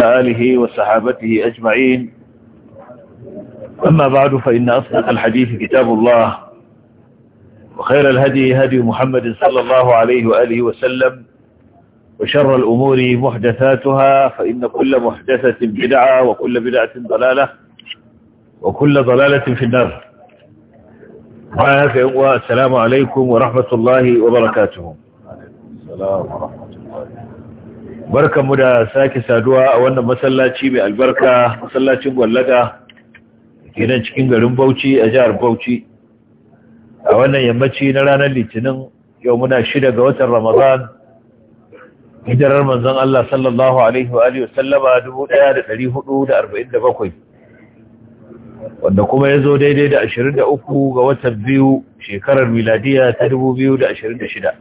وعلى آله وصحابته أجمعين أما بعد فإن أصدق الحديث كتاب الله وخير الهدي هدي محمد صلى الله عليه وآله وسلم وشر الأمور محدثاتها فإن كل محدثة بدعة وكل بدعة ضلالة وكل ضلالة في النار السلام عليكم ورحمة الله وبركاته السلام ورحمة الله barkamu da sake saduwa a wannan masallaci mai albarka masallacin gwallaga kenan cikin garin bauchi a jihar bauchi a wannan yammaci na ranar litinin yau muna shida ga watan ramadan hijirar manzon Allah sallallahu alaihi wa alihi wasallama 1447 wanda kuma ya zo daidai da 23 ga watan biyu shekarar miladiya ta 2026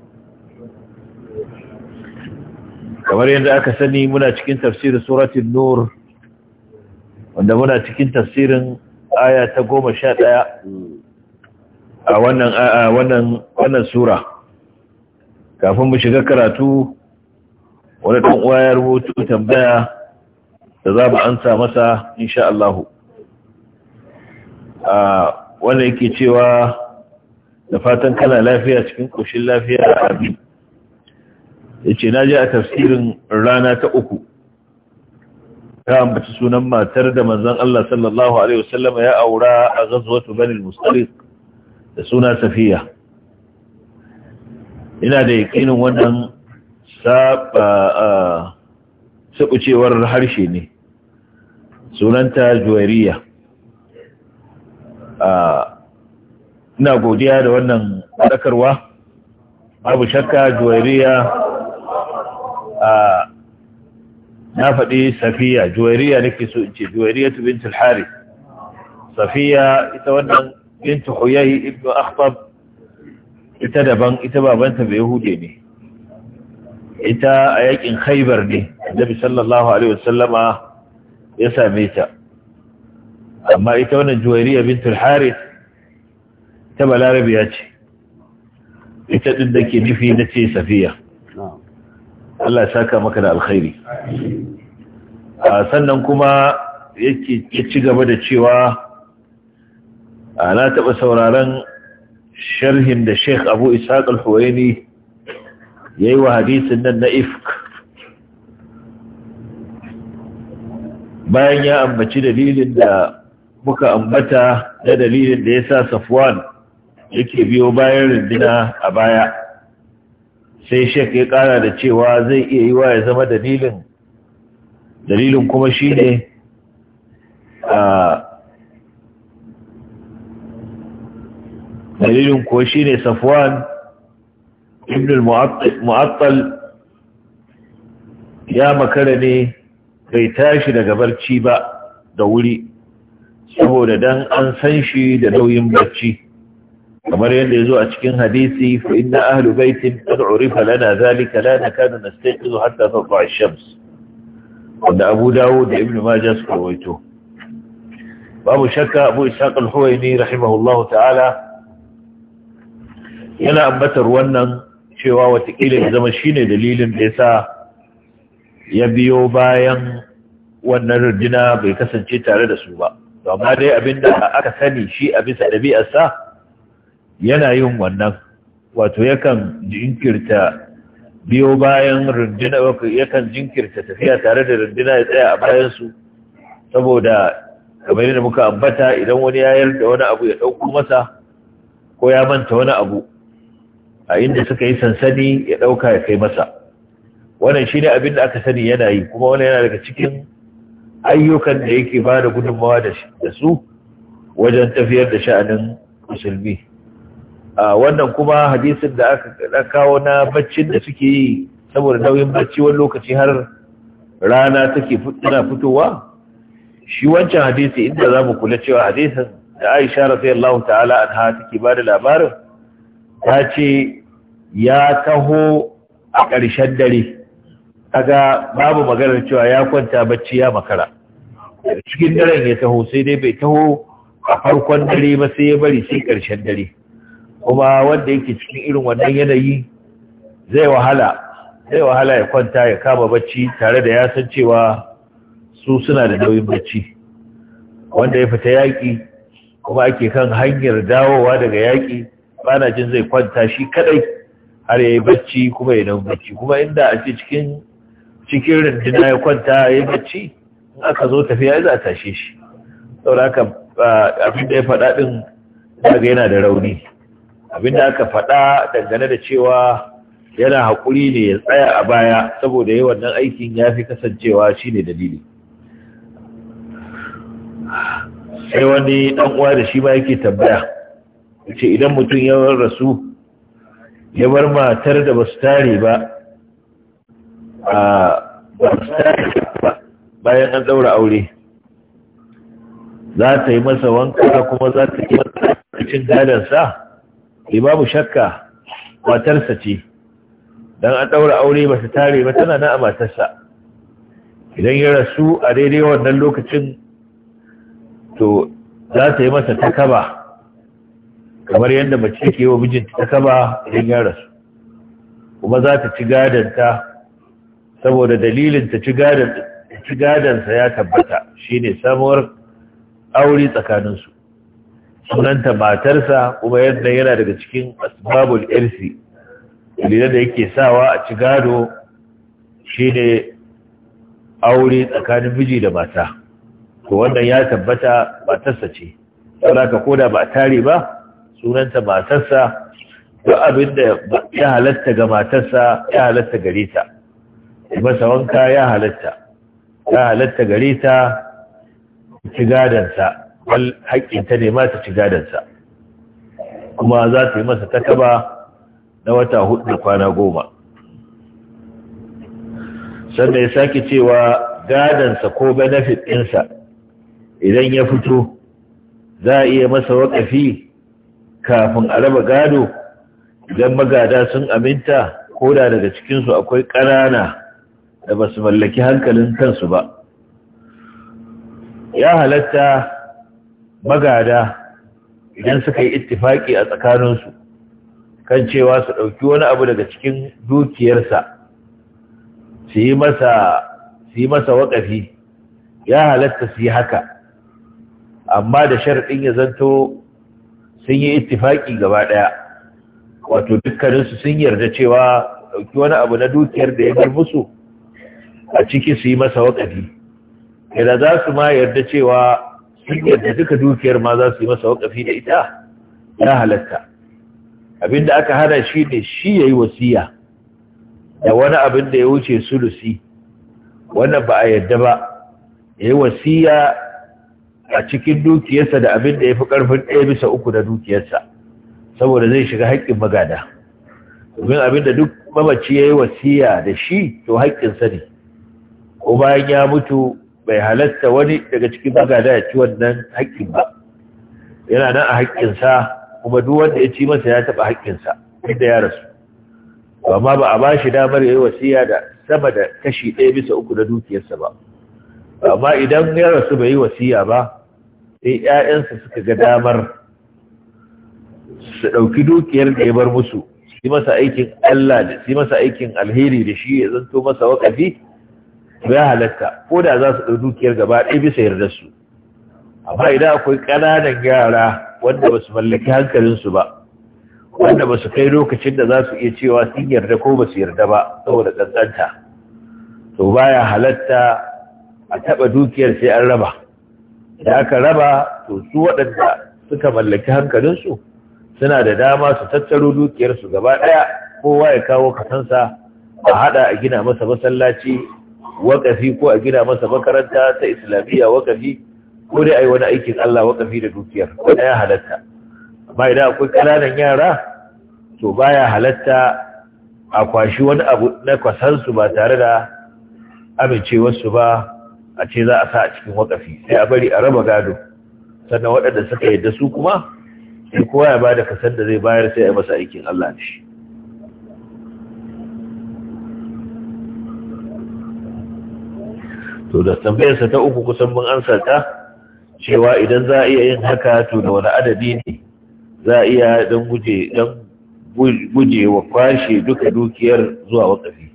kamar yadda aka sani muna cikin tafsirin suratul nur wanda muna cikin tafsirin aya ta goma sha ɗaya a wannan a wannan wannan sura kafin mu shiga karatu wani ɗan uwa ya rubuta tambaya da za mu ansa masa insha Allah a wanda yake cewa da fatan kana lafiya cikin koshin lafiya a abin yace na je a tafsirin rana ta uku ta ambaci sunan matar da manzon Allah sallallahu alaihi wasallam ya aura a ghazwatu bani al-mustaliq da suna safiya ina da yakinin wannan saba harshe ne sunanta juwariya ina godiya da wannan ɗakarwa babu shakka juwariya na faɗi safiya juwairiya nake so in ce juwairiya tu bintul harith safiya ita wannan bintu huyai ibnu akhbab ita daban ita babanta bai yahude ne ita a yakin khaibar ne annabi sallallahu alaihi wasallama ya same ta amma ita wannan juwairiya bintul harith ta balarabiya ce ita din da ke nufi na ce safiya Allah ya saka maka da alkhairi A sannan kuma yake ci gaba da cewa na taɓa sauraron sharhin da sheikh abu ishaq al-huwaini ya yi wa hadisin nan na ifk bayan ya ambaci dalilin da muka ambata na dalilin da ya sa safwan yake biyo bayan rindina a baya sai shek ya kara da cewa zai iya yi wa ya zama dalilin dalilin kuma shi ne dalilin kuwa shi ne safwan ibn mu'attal ya makara ne bai tashi daga barci ba da wuri saboda dan an san shi da nauyin barci kamar yadda ya zo a cikin hadisi fa inna ahlu baitin qad urifa lana zalika la nakadu nastaqizu hatta tatla ash-shams wanda Abu Dawud da Ibn Majah suka rawaito babu shakka Abu Ishaq al-Huwaini rahimahullahu ta'ala yana ambatar wannan cewa watakila ya zama shine dalilin da yasa ya biyo bayan wannan rundina bai kasance tare da su ba amma dai abinda aka sani shi a bisa sa? yana yin wannan wato yakan jinkirta biyo bayan rundina yakan jinkirta tafiya tare da rundina ya tsaya a bayansu saboda kamar yadda muka ambata idan wani ya yarda wani abu ya ɗauko masa ko ya manta wani abu a inda suka yi sansani ya ɗauka ya kai masa wannan shi ne abin da aka sani yana yi kuma wannan yana daga cikin ayyukan da yake ba da gudunmawa da su wajen tafiyar da sha'anin musulmi wannan kuma hadisin da aka kawo na baccin da suke yi saboda nauyin bacci wani lokaci har rana take tana fitowa shi wancan hadisi inda za mu kula cewa hadisin da aisha radiyallahu ta'ala anha take ba da labarin ta ce ya taho a ƙarshen dare kaga babu maganar cewa ya kwanta bacci ya makara cikin daren ya taho sai dai bai taho a farkon dare ba sai ya bari sai ƙarshen dare kuma wanda yake cikin irin wannan yanayi zai wahala zai wahala ya kwanta ya kama bacci tare da ya san cewa su suna da nauyin bacci wanda ya fita yaƙi kuma ake kan hanyar dawowa daga yaƙi bana jin zai kwanta shi kadai har ya yi bacci kuma ya nauyin bacci kuma inda a ce cikin cikin rindina ya kwanta ya yi bacci in aka zo tafiya za tashe shi saboda haka abin da ya faɗa ɗin daga yana da rauni Abin da aka faɗa dangane da cewa yana haƙuri ne ya tsaya a baya saboda yi wannan aikin ya fi kasancewa shi ne dalili sai wani uwa da shi ma yake tambaya ce idan mutum ya rasu ya bar matar da ba su tare ba ba su tare ba bayan an ɗaura aure za ta yi masa wanka kuma za ta yi masa cin gadansa e babu shakka matarsa ce don an ɗaura aure ba su tare ba tana na a matarsa idan ya rasu a daidai wannan lokacin to za ta yi masa takaba kamar yadda mace ke wa mijinta takaba idan ya rasu kuma za ta ci gadanta saboda dalilin ta ci gadansa ya tabbata Shi ne samuwar aure tsakaninsu sunanta matarsa kuma yadda yana daga cikin asbabul irsi dalila da yake sawa a ci gado shine aure tsakanin miji da mata Ko wannan ya tabbata matarsa ce saboda koda ba tare ba sunanta matarsa duk abin da ya halatta ga matarsa ya halatta gare ta Kuma wanka ya halatta ya halatta gare ta ci sa wal haƙƙinta ne ma ta ci gadansa kuma za ta yi masa takaba na wata hudu da kwana goma sannan ya sake cewa gadansa ko benefit ɗinsa idan ya fito za a iya masa waƙafi kafin a raba gado idan magada sun aminta ko da daga cikinsu akwai ƙanana da ba su mallaki hankalin kansu ba ya halatta magada idan suka yi ittifaki a tsakaninsu kan cewa su ɗauki wani abu daga cikin dukiyarsa su yi masa waƙafi ya halatta su yi haka amma da sharaɗin ya zanto sun yi ittifaki gaba ɗaya wato dukkaninsu sun yarda cewa ɗauki wani abu na dukiyar da ya bar musu a ciki su yi masa waƙafi idan za su ma yarda cewa duk da duka dukiyar ma za su yi masa wakafi da ita ya halatta abinda aka hana shi ne shi ya yi wasiya da wani abin da ya wuce sulusi wannan ba a yadda ba ya yi wasiya a cikin dukiyarsa da abin da ya fi ƙarfin ɗaya bisa uku da dukiyarsa saboda zai shiga haƙƙin magada domin abin da duk mamaci ya yi wasiya da shi to haƙƙinsa ne ko bayan ya mutu bai halatta wani daga cikin magada ya ci wannan haƙƙin ba yana nan a haƙƙinsa kuma duk wanda ya ci masa ya taɓa haƙƙinsa inda ya rasu amma ba a ba shi damar ya yi wasiya da sama da kashi ɗaya bisa uku na dukiyarsa ba amma idan ya rasu bai yi wasiya ba sai ‘ya'yansa suka ga damar su ɗauki dukiyar da ya bar musu su masa aikin Allah da su masa aikin alheri da shi ya zanto masa waƙafi ya halatta ko da za su ɗauki dukiyar gaba ɗaya bisa yarda su amma idan akwai ƙananan yara wanda ba su mallaki hankalinsu ba wanda ba su kai lokacin da za su iya cewa sun yarda ko ba su yarda ba saboda ƙanƙanta to baya halatta a taɓa dukiyar sai an raba da aka raba to su waɗanda suka mallaki hankalinsu suna da dama su tattaro dukiyarsu gaba ɗaya kowa ya kawo kasansa a haɗa a gina masa masallaci wakafi ko a gina masa makaranta ta islamiyya wakafi ko dai a yi wani aikin Allah wakafi da dukiyar wanda ya halatta amma idan akwai ƙananan yara to baya halatta a kwashi wani abu na kwasansu ba tare da amincewarsu ba a ce za a sa a cikin wakafi sai a bari a raba gado sannan waɗanda suka yadda su kuma sai kowa ya bada da kasan da zai bayar sai a masa aikin Allah da shi to da tambayarsa ta uku kusan mun ansa ta cewa idan za a iya yin haka to da wani adadi ne za a iya don guje don guje wa kwashe duka dukiyar zuwa wakafi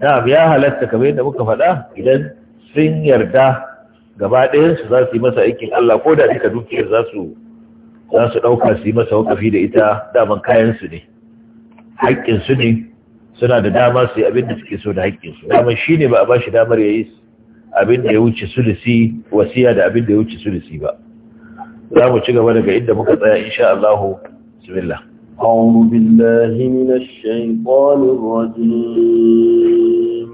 na'am ya halatta kamar yadda muka faɗa idan sun yarda gaba ɗayan su za su yi masa aikin Allah ko da duka dukiyar za su za su ɗauka su yi masa wakafi da ita daman kayan su ne haƙƙin su ne suna da dama su yi abin da suke so da haƙƙin su dama shine ba a bashi damar ya yi abin da ya wuce sulusi wasiya da abin da ya wuce sulusi ba za mu ci gaba daga inda muka tsaya insha Allah bismillah أعوذ بالله من الشيطان الرجيم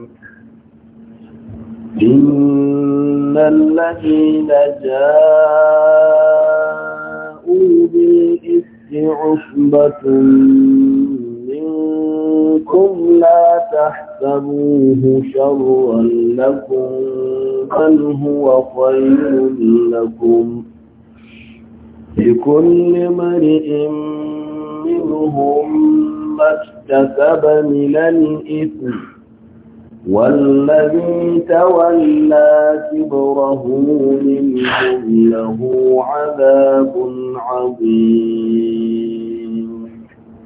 إن الذين جاءوا بالإفك عصبة منكم لا تحسبوه شرا لكم بل هو خير لكم لكل امرئ منهم ما اكتسب من الإثم والذي تولى كبره منهم له عذاب عظيم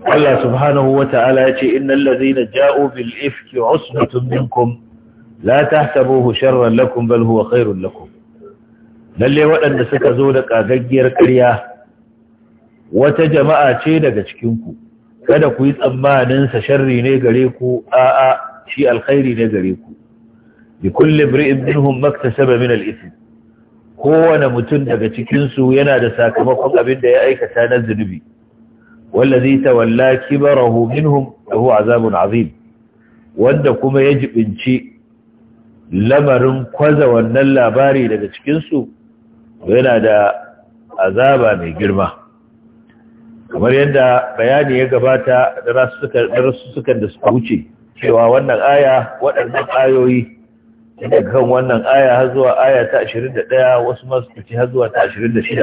Allah subhanahu wa ta'ala ya ce innal ladhina ja'u bil ifki usbatun minkum la tahsabuhu sharran lakum bal huwa khairul lakum lalle waɗanda suka zo da kagaggiyar ƙarya wata jama'a ce daga cikinku. kada ku yi tsammanin sharri ne gare ku a'a shi alkhairi ne gare ku bi kulli imri'in minhum saba min al kowane mutum daga cikin su yana da sakamakon abin da ya aikata na zunubi والذي تولى كبره منهم lahu عذاب azim wanda kuma ya jibinci lamarin kwaza wannan labari daga cikin su yana da azaba mai girma kamar yadda bayani ya gabata darussukan da suka wuce cewa wannan aya waɗannan ayoyi da kan wannan aya har zuwa aya ta 21 wasu masu fice har zuwa ta 26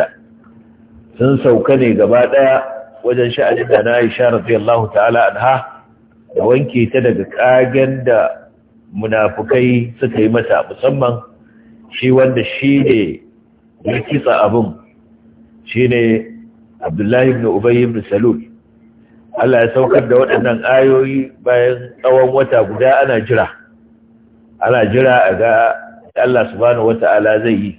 sun sauka ne gaba ɗaya wajen sha'anin da na Aisha radiyallahu ta'ala anha da wanke ta daga kagen da munafukai suka yi mata musamman shi wanda shi ne ya kitsa abin shi ne Abdullahi ibn Ubayyim ibn Salul Allah ya saukar da waɗannan ayoyi bayan tsawon wata guda ana jira ana jira a ga Allah subhanahu ta’ala zai yi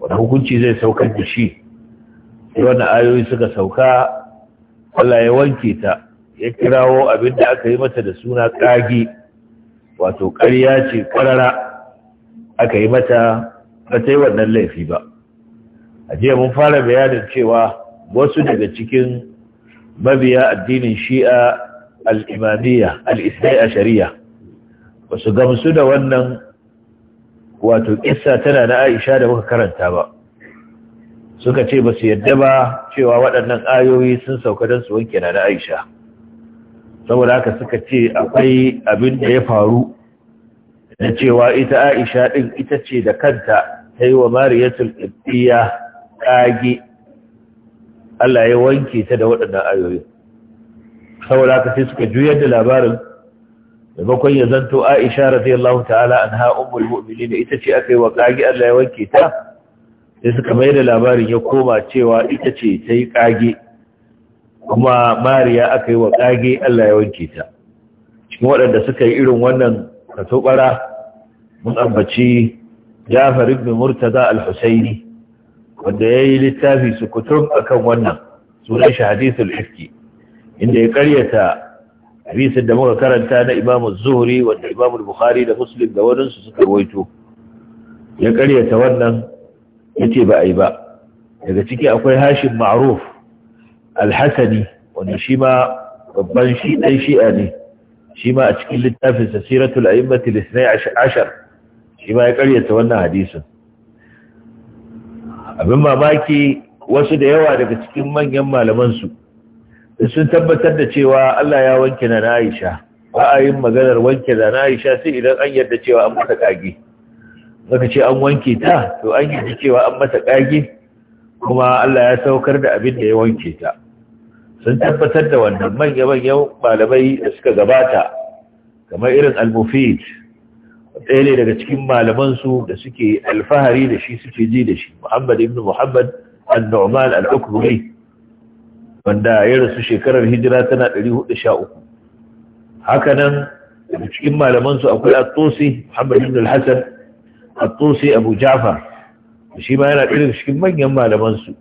wani hukunci zai saukar da shi wannan ayoyi suka sauka Allah ya wanke ta ya kirawo abin da aka yi mata da suna ƙagi wato ƙarya ce ƙarara aka yi mata ba ta yi wannan laifi ba a jiya mun fara bayanin cewa wasu daga cikin mabiya addinin shi'a al'imamiyya al'isai a shari'a ba su gamsu da wannan wato ƙissa tana na aisha da muka karanta ba suka ce ba su yadda ba cewa waɗannan ayoyi sun sauka don su wanke na aisha saboda haka suka ce akwai abin da ya faru na cewa ita aisha ɗin ita ce da kanta ta yi wa mariyatul ƙibbiya ƙage allah ya wanke ta da waɗannan ayoyi saboda haka sai suka juyar da labarin da bakon ya zanto aisha radiyallahu ta'ala an ha'ummul mu'minin ita ce aka yi wa ƙage allah ya wanke ta sai suka mai da labarin ya koma cewa ita ce ta yi ƙage kuma mariya aka yi wa ƙage Allah ya wanke ta cikin waɗanda suka yi irin wannan katobara mun ambaci jafar ibn murtaza al-husaini wanda ya yi littafi su a kan wannan sunan shi hadithul hifki inda ya karyata hadisin da muka karanta na imam zuhri wanda imam bukhari da muslim da wadansu suka rawaito ya karyata wannan ya ce ba a yi ba daga ciki akwai hashin ma'aruf alhassani wanda shi ma babban shi ɗan shi'a ne shi ma a cikin littafinsa siratul a'immati lisnai ashar shi ma ya karyata wannan hadisin abin mamaki wasu da yawa daga cikin manyan malamansu sun tabbatar da cewa Allah ya wanke na Aisha ba a yin maganar wanke da na Aisha sai idan an yarda cewa an mata kage zaka ce an wanke ta to an yi cewa an mata kage kuma Allah ya saukar da abin da ya wanke ta sun tabbatar da wannan manya manya malamai da suka gabata kamar irin al-mufid ɗaya ne daga cikin malamansu da suke alfahari da shi suke ji da shi muhammad ibn muhammad an numan al-ukmuri wanda ya rasu shekarar hijira tana 413 haka nan cikin malamansu akwai at-tusi muhammad ibn al-hasan at-tusi abu jafar shi ma yana ɗaya cikin manyan malaman su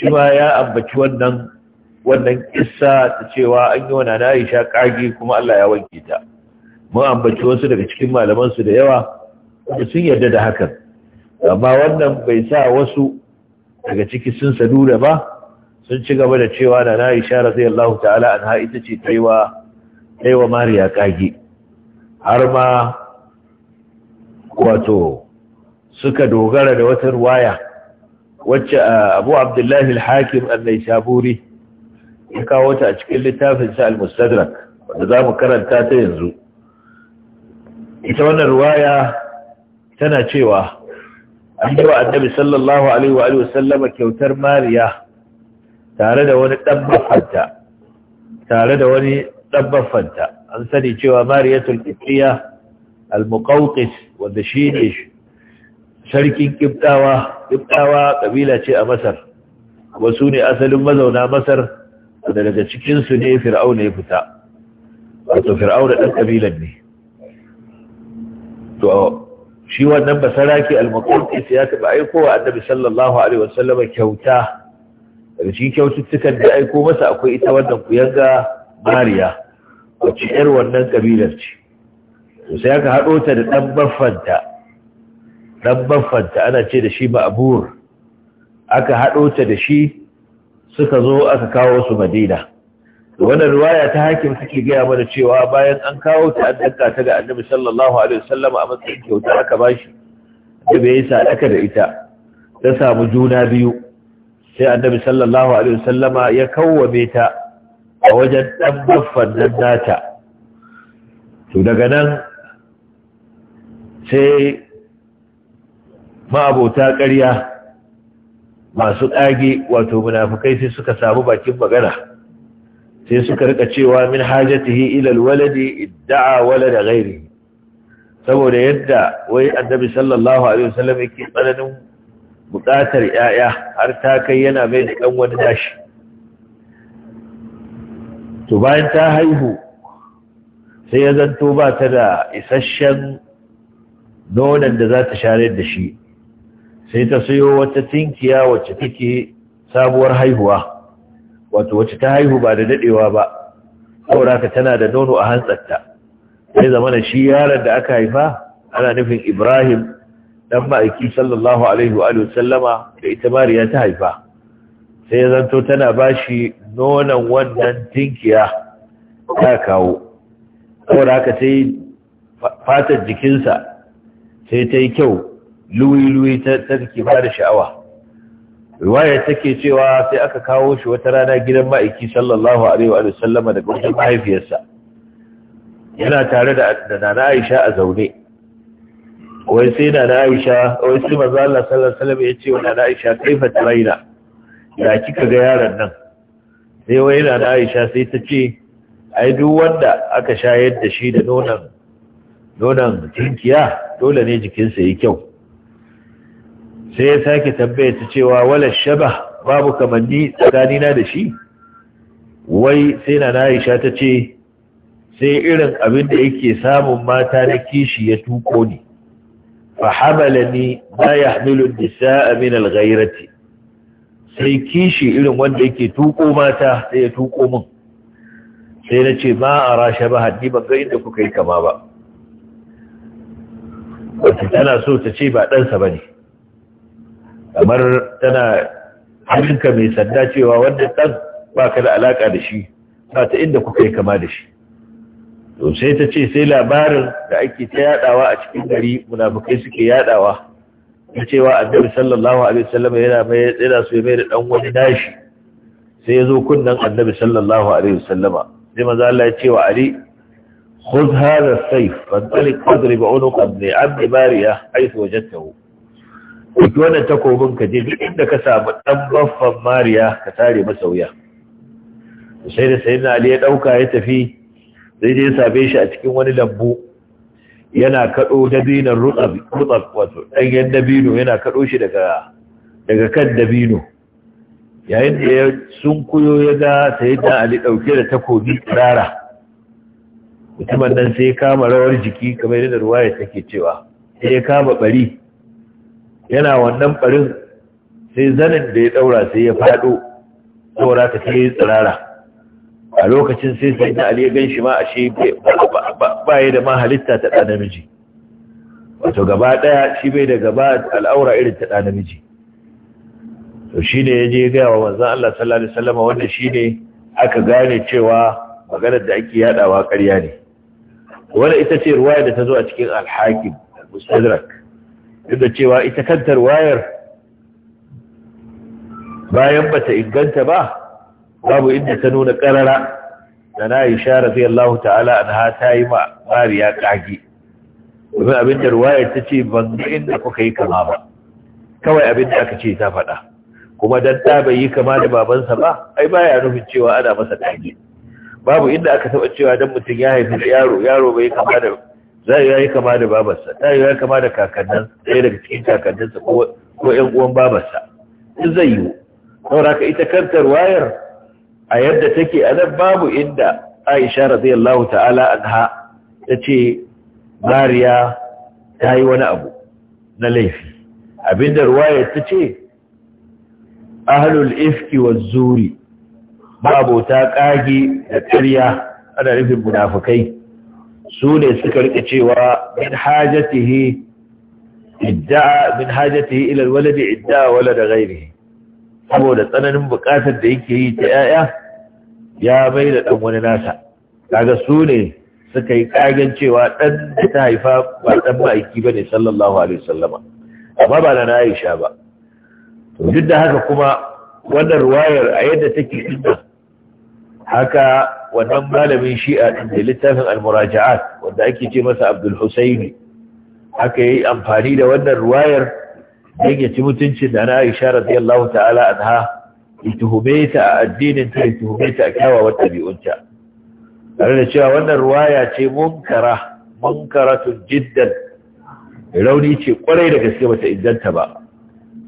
shi ma ya ambaci wannan wannan kissa ta cewa an yi wa nana Aisha ƙage kuma Allah ya wanke ta mun ambaci wasu daga cikin malamansu da yawa da sun yarda da hakan amma wannan bai sa wasu daga ciki sun sadura ba sun ci gaba da cewa nana Aisha Allah ta'ala anha ita ce ta yi wa Mariya kage har ma wato suka dogara da wata ruwaya wacce abu abdullahi al-hakim annai shaburi ya kawo ta a cikin littafin sa al-mustadrak wanda za mu karanta ta yanzu ita wannan ruwaya tana cewa an yi wa annabi sallallahu alaihi wa kyautar mariya tare da wani ɗabbafanta tare da wani an sani cewa mariyatul ibriya al wanda shi ne sarkin kibtawa kibtawa kabila ce a masar kuma su ne asalin mazauna masar da daga cikinsu ne fir'auna ya fita wato fir'auna ɗan kabilan ne to shi wannan basaraki al-maqdis ya taba aiko wa annabi sallallahu alaihi wasallama kyauta daga cikin kyaututtukan da aiko masa akwai ita wannan kuyanga mariya wacce yar wannan kabilar ce sai aka haɗo ta da ɗan baffanta dan ana ce da shi ma'bur aka hado ta da shi suka zo aka kawo su Madina wannan riwaya ta hakim take gaya mana cewa bayan an kawo ta an danka ta ga Annabi sallallahu alaihi wasallam a matsayin kyauta aka bashi da bai sa aka da ita ta samu juna biyu sai Annabi sallallahu alaihi ya kawwame ta a wajen dan baffan nan nata to daga nan sai ma'abota ƙarya masu ƙage wato munafukai sai suka samu bakin magana sai suka rika cewa min hajatihi ilal waladi idda'a walada ghairi saboda yadda wai annabi sallallahu alaihi wasallam yake tsananin buƙatar yaya har ta kai yana mai da ɗan wani dashi to bayan ta haihu sai ya zanto ba ta da isasshen nonon da za ta share da shi sai ta sayo wata tinkiya wacce take sabuwar haihuwa wato wacce ta haihu ba da dadewa ba saboda ka tana da nono a hantsarta sai zamana shi yaron da aka haifa ana nufin Ibrahim dan ma'aiki sallallahu alaihi wa sallama da ita Mariya ta haifa sai ya zanto tana bashi nonon wannan tinkiya ta kawo saboda haka sai fatar jikinsa sai ta yi kyau luwi-luwi ta ke ba da sha'awa riwaya take cewa sai aka kawo shi wata rana gidan ma'aiki sallallahu alaihi wa sallama daga wajen mahaifiyarsa yana tare da nana aisha a zaune wai sai nana aisha wai sai maza Allah sallallahu alaihi ya ce wa nana aisha kaifa taraina ya kika ga yaron nan sai wai nana aisha sai ta ce ai duk wanda aka shayar da shi da nonon nonon jinkiya dole ne jikinsa yi kyau sai ya sake tambaye ta cewa wala shabah babu kamanni tsakanina da shi wai sai na Aisha ta ce sai irin abin da yake samun mata na kishi ya tuko ni fa ni ma yahmilu nisaa min al sai kishi irin wanda yake tuko mata sai ya tuko min sai na ce ma ara shabaha ni ban ga inda kuka yi kama ba wata tana so ta ce ba ɗansa ba ne kamar tana hannunka mai sanda cewa wanda ɗan ba ka da alaka da shi ba ta inda kuka yi kama da shi to sai ta ce sai labarin da ake ta yadawa a cikin gari munafukai suke yadawa ta cewa annabi sallallahu alaihi wasallam yana mai tsira su mai da dan wani nashi sai yazo kunnan annabi sallallahu alaihi wasallama sai manzo Allah ya ce wa Ali khudh hadha as-sayf fantalik qadri bi unuq ibn abd bariya aitu wajadtahu duk wannan takobin ka je duk inda ka samu dan baffan mariya ka tare masa wuya sai da sayyidina ali ya dauka ya tafi sai dai ya same shi a cikin wani lambu yana kado dabinan rutsar wato ɗanyen dabino yana kado shi daga kan dabino yayin da ya kuyo ya ga sayyidina ali dauke da takobi tsara mutumin nan sai kama rawar jiki kamar yadda ya take cewa sai ya kama bari yana wannan barin sai zanin da ya ɗaura sai ya faɗo saura ta ta yi tsirara a lokacin sai sai na ali gan shi ma a shi ba da ma halitta ta ɗa namiji wato gaba ɗaya shi bai da gaba al'aura irin ta ɗa namiji to shi ne ya je gaya wa wanzan Allah sallallahu Alaihi wanda shi ne aka gane cewa maganar da ake yaɗawa ƙarya ne Wani ita ce ruwa da ta zo a cikin alhakin, al-mustadrak duk da cewa ita kantar wayar bayan bata inganta ba babu inda ta nuna karara da na yi sha radiyallahu ta'ala an ha ta yi ma mariya kage Kuma abin da ruwayar ta ce ban inda kuka yi kama ba kawai abin da aka ce ta faɗa kuma dan ta bai yi kama da babansa ba ai baya nufin cewa ana masa kage babu inda aka taba cewa don mutum ya haifi yaro yaro bai kama da za a yi yayi kama da babarsa ta yi yayi kama da kakannin ɗaya daga cikin kakanninsa ko ƴan uwan babarsa in zai yi saboda ka ita kantar wayar a yadda take a nan babu inda Aisha radiyallahu ta'ala anha tace Mariya ta yi wani abu na laifi abinda ruwaya tace ahlul ifki wa zuri babu ta kage da ƙarya ana nufin munafukai. su ne suka rike cewa min hajatihi idda'a min hajatihi ila alwaladi idda'a walada ghairihi saboda tsananin bukatar da yake yi ta yaya ya bai da dan wani nasa kaga su ne suka yi kagen cewa dan da ta haifa ba dan ma'aiki bane sallallahu alaihi wasallama amma ba na Aisha ba to duk da haka kuma wannan ruwayar a yadda take haka wannan malamin shi'a din da littafin al-muraja'at wanda ake ce masa abdul husaini aka yi amfani da wannan ruwayar don ya ci mutuncin da na aisha radiyallahu ta'ala anha ituhubeta tuhume ta a addinin ta ya tuhume ta a tare da cewa wannan ruwaya ce munkara munkaratu jiddan rauni ce kwarai da gaske bata inganta ba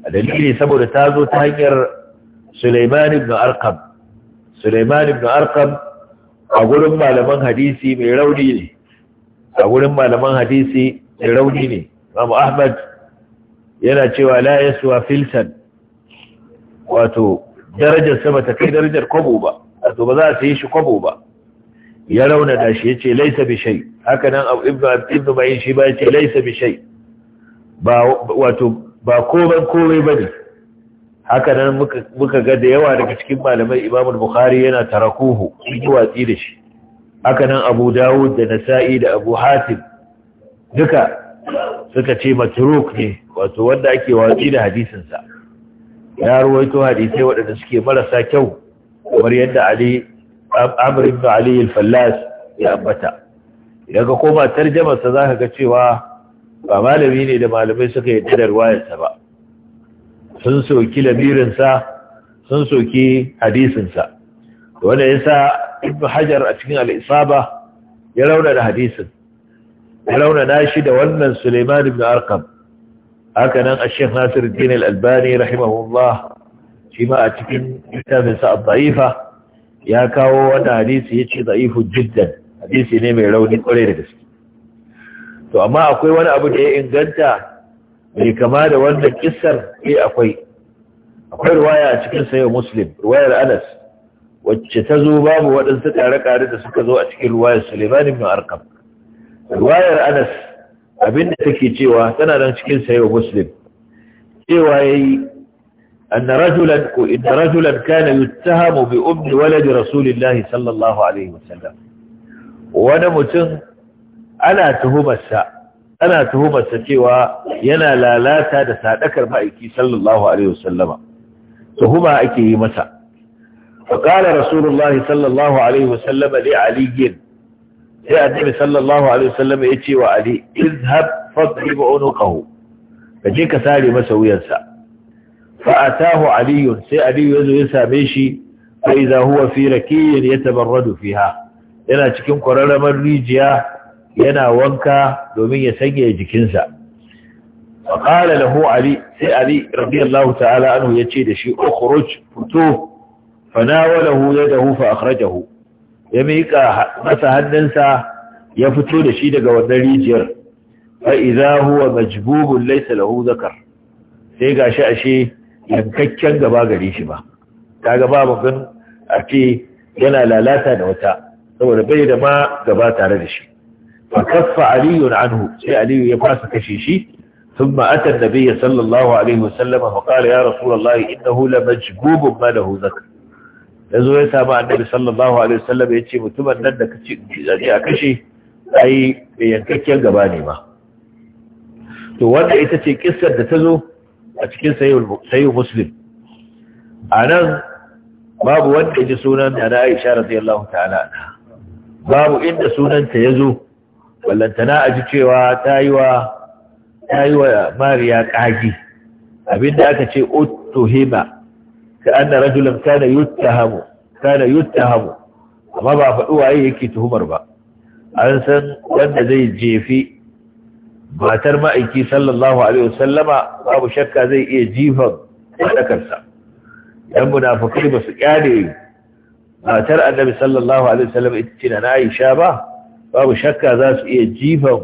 a dalili saboda ta zo ta hanyar Sulaiman ibn Arqam Sulaiman ibn Arqam a gurin malaman hadisi mai rauni ne a gurin malaman hadisi mai rauni ne Imam Ahmad yana cewa la yaswa filtan wato darajar sama ta kai darajar kwabo ba wato ba za a sayi shi kwabo ba ya rauna da shi yace laisa bi shay haka nan abu ibnu bayin shi ba yace laisa bi shay ba wato ba komai komai bane haka nan muka ga da yawa daga cikin malamai imamul bukhari yana tarakuhu yi watsi da shi haka nan abu dawud da nasa'i da abu hatim duka suka ce matruk ne wato wanda ake watsi da hadisinsa ya ruwaito hadisai waɗanda suke marasa kyau kamar yadda ali amr ibn ali al-fallas ya ambata idan ka koma tarjamar sa zaka ga cewa ba malami ne da malamai suka yi da ruwayarsa ba sun soki lamirinsa sun soki hadisinsa wanda ya sa ibn hajar a cikin al'isaba ya rauna da hadisin ya rauna na shi da wannan suleiman ibn arkam haka nan a shek nasir din al'albani rahimahullah shi ma a cikin littafinsa a za'ifa ya kawo wannan hadisi ya ce za'ifu jiddan hadisi ne mai rauni kwarai da gaske to amma akwai wani abu da ya inganta bai kama da wannan kisar? eh akwai akwai ruwaya a cikin sayo muslim ruwayar anas wacce ta zo babu waɗansu ƙare-ƙare da suka zo a cikin ruwayar suleiman ibn arkam ruwayar anas abinda take cewa tana nan cikin sayo muslim cewa yayi أن رجلا إن رجلا كان يتهم بأم ولد رسول الله صلى الله عليه وسلم وانا Wani mutum ana الساء ana tuhumarsa cewa yana lalata da saɗakar ma’aiki tuhuma ake yi masa. Fakalar Rasulullah sallallahu Alaihi wasallama ne Ali gin, sai Adini sallallahu Alaihi wasallama ya ce wa Ali, “Izhab faɗi ba wani ƙaho, ka je ka sare masa wuyansa, taho Aliyun, sai Aliyu ya zo ya same shi, fa’iza huwa fi rakiyin ya tabarradu fiha, yana cikin ƙwararraman rijiya yana wanka domin ya sanya jikinsa kala lahu ali sai ali radiyallahu ta'ala anhu ya ce da shi ukhruj fito fanawalahu yadahu fa akhrajahu ya miƙa masa hannunsa ya fito da shi daga wannan rijiyar fa idza huwa majbubun laysa lahu zakar sai gashi ashe yankakken gaba gare shi ba kaga ba mafin a yana lalata da wata saboda bai da ma gaba tare da shi فكف علي عنه شيء علي يفاس كشيشي ثم أتى النبي صلى الله عليه وسلم فقال يا رسول الله إنه لمجبوب ما له ذكر yanzu ya samu annabi sallallahu alaihi wasallam ya ce mutumin nan da kace zaje a kashe ai yankakken gaba ne ma to wanda ita ce kissar da ta zo a cikin sayyid muslim anan babu wanda ya ji sunan da Aisha radiyallahu ta'ala babu inda sunanta ya zo ballantana a ji cewa ta yi wa mariya ƙagi abinda aka ce utuhima ka anna rajulan kana yuttahamu kana yuttahamu amma ba faɗi waye yake tuhumar ba an san wanda zai jefi matar ma'aiki sallallahu alaihi wasallama babu shakka zai iya jifan madakarsa yan munafikai ba su kyale matar annabi sallallahu alaihi wasallam ita ce na Aisha ba babu shakka za su iya jifan